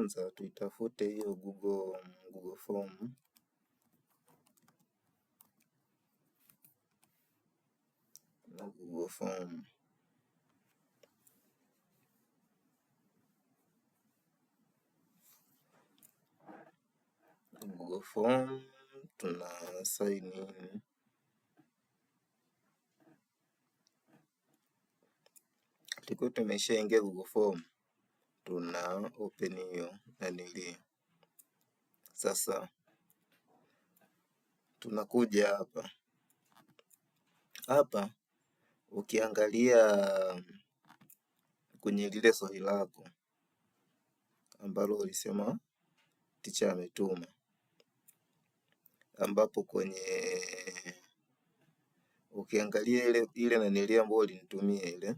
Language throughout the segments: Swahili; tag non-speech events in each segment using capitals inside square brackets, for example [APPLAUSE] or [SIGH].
kwanza tuitafute hiyo Google, Google Form na Google Form Google Form tuna sign in tuko tumeshaingia Google Form tuna open hiyo nanili. Sasa tunakuja hapa hapa, ukiangalia kwenye lile swali lako ambalo ulisema ticha ametuma, ambapo kwenye ukiangalia ile ile nanili ambayo ulinitumia ile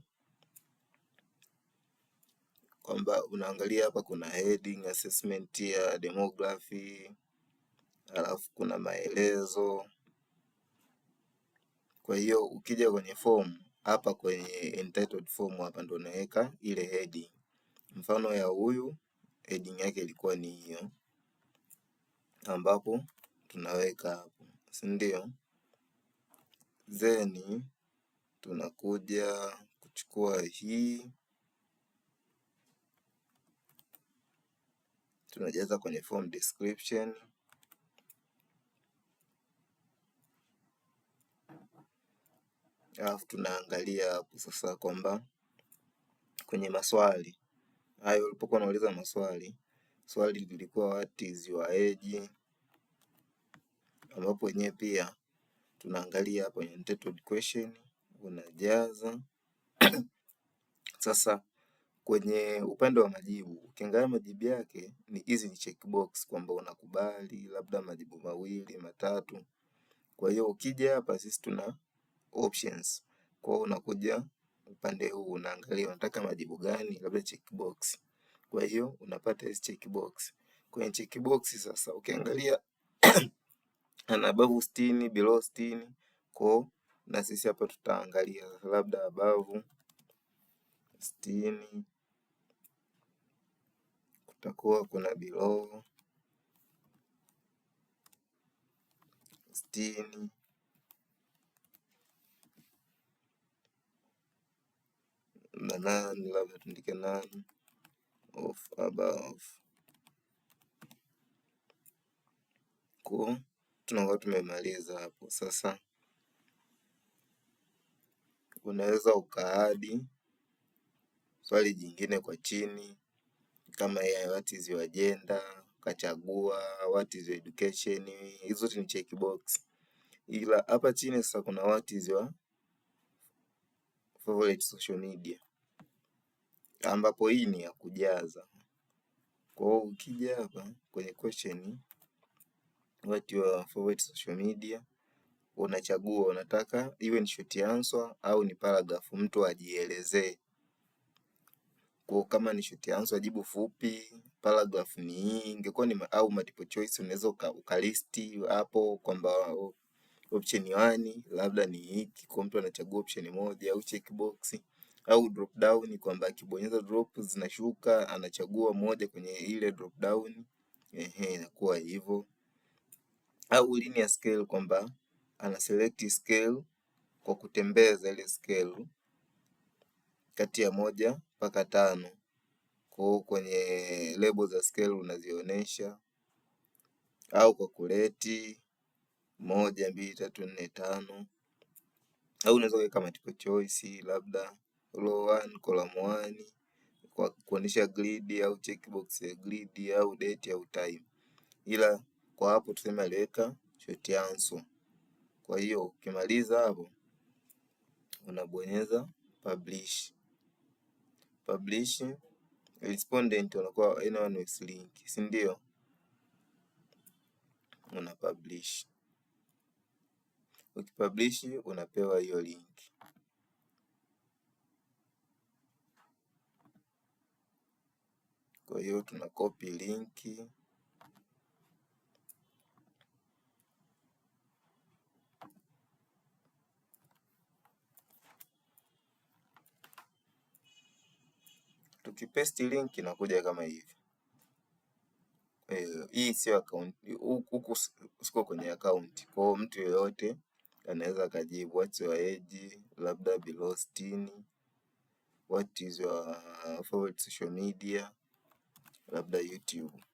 kwamba unaangalia hapa kuna heading assessment ya demography, alafu kuna maelezo. Kwa hiyo ukija kwenye form hapa kwenye entitled form hapa ndo unaweka ile heading. Mfano ya huyu heading yake ilikuwa ni hiyo, ambapo tunaweka hapo, si ndio? Then tunakuja kuchukua hii tunajaza kwenye form description alafu tunaangalia hapo sasa kwamba kwenye maswali hayo ulipokuwa unauliza maswali, swali lilikuwa what is your age, ambapo wenyewe pia tunaangalia hapo kwenye question unajaza [CLEARS THROAT] sasa Kwenye upande wa majibu, ukiangalia majibu yake ni hizi ni checkbox kwamba unakubali labda majibu mawili matatu. Kwa hiyo ukija hapa sisi tuna options. Kwa hiyo unakuja upande huu unaangalia unataka majibu gani, labda checkbox. Kwa hiyo unapata hizi checkbox. Kwenye checkbox sasa ukiangalia [CLEARS THROAT] ana abavu sitini, below sitini. Kwa hiyo na sisi hapa tutaangalia labda abavu sitini Kutakuwa kuna bilau stini na nani labda tuandike nani of above ku tunakuwa tumemaliza hapo. Sasa unaweza ukaadi swali jingine kwa chini kama what is your agenda, ukachagua what is your education, hizo zote ni checkbox, ila hapa chini sasa kuna what is your favorite social media, ambapo hii ni ya kujaza. Kwa hiyo ukija hapa kwenye question what your favorite social media unachagua unataka iwe ni short answer au ni paragraph, mtu ajielezee. Kwa kama ni shoti answer jibu fupi, paragraph ni hii, ingekuwa ni au multiple choice unaweza ukalisti hapo kwamba option 1 labda ni hiki, kwa mtu anachagua option moja au checkbox au drop down kwamba akibonyeza drop zinashuka, anachagua moja kwenye ile drop down. Ehe, inakuwa hivyo. Au linear scale kwamba ana select scale kwa kutembeza ile scale kati ya moja mpaka tano. Kwa hiyo kwenye lebo za scale unazionyesha au kwa kuleti moja, mbili, tatu, nne, tano au unaweza kuweka multiple choice labda row one, column one kwa kuonyesha grid au checkbox ya grid au date au time, ila kwa hapo tuseme aliweka short answer. Kwa hiyo ukimaliza hapo unabonyeza publish publish respondent wanakuwa anyone with link, si ndio? Una publish, ukipublish unapewa hiyo link. Kwa hiyo tuna copy linki Tukipaste link inakuja kama hivi. Eh, hii sio account, huku siko kwenye account. Kwa hiyo mtu yeyote anaweza akajibu what's your age, labda below sitini, what is your uh, favorite social media, labda YouTube,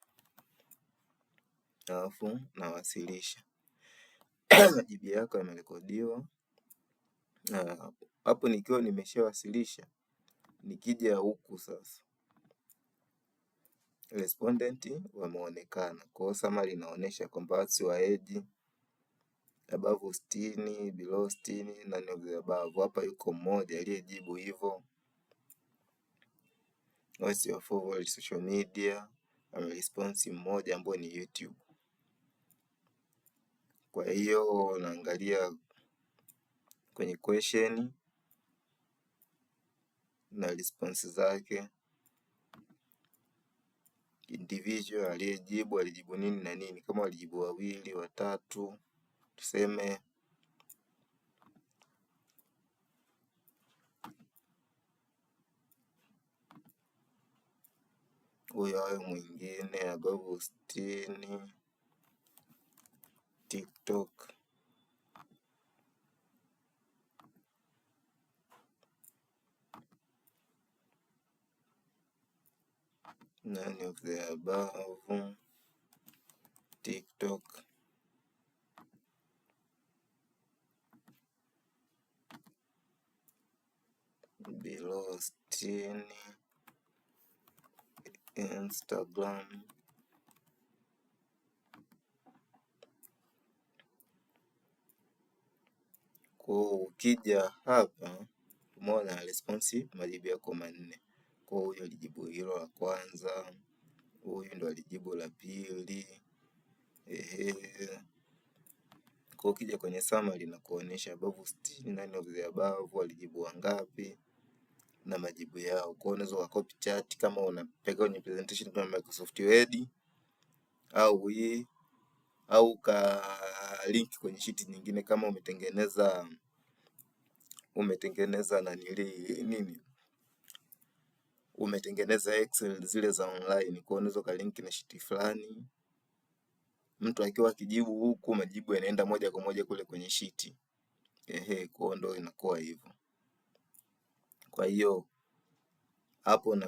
alafu nawasilisha majibu [CLEARS THROAT] yako yamerekodiwa hapo, nikiwa nimeshawasilisha Nikija huku sasa, respondent wameonekana. Kwa hiyo summary inaonyesha kwamba watu wa age above sitini, below sitini na ni above. Hapa yuko mmoja aliyejibu hivyo. What's your favorite social media? Response mmoja ambayo ni YouTube. Kwa hiyo unaangalia kwenye question na response zake, individual aliyejibu alijibu nini na nini, kama walijibu wawili watatu, tuseme huyo awe mwingine, agovu sitini, TikTok None of the above. TikTok. Below stini Instagram. Ukija hapa umeona response majibu yako manne kwa huyu alijibu hilo la kwanza, huyu ndo alijibu la pili. Ehe, kwa ukija kwenye summary na kuonyesha above sitini nani of the above walijibu wangapi na majibu yao. Kwa unaweza copy chat kama unapeka kwenye presentation kwa Microsoft Word au hii au ka link kwenye sheet nyingine kama umetengeneza umetengeneza nanili nini umetengeneza excel zile za online, kwa unaweza ukalink na shiti fulani, mtu akiwa akijibu huku majibu yanaenda moja kwa moja kule kwenye shiti. Ehe, kwa ndo inakuwa hivyo. Kwa hiyo hapo na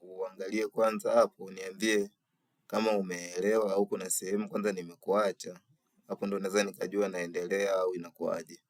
uangalie kwanza hapo, niambie kama umeelewa au kuna sehemu kwanza nimekuacha. Hapo ndo naweza nikajua naendelea au inakuwaje.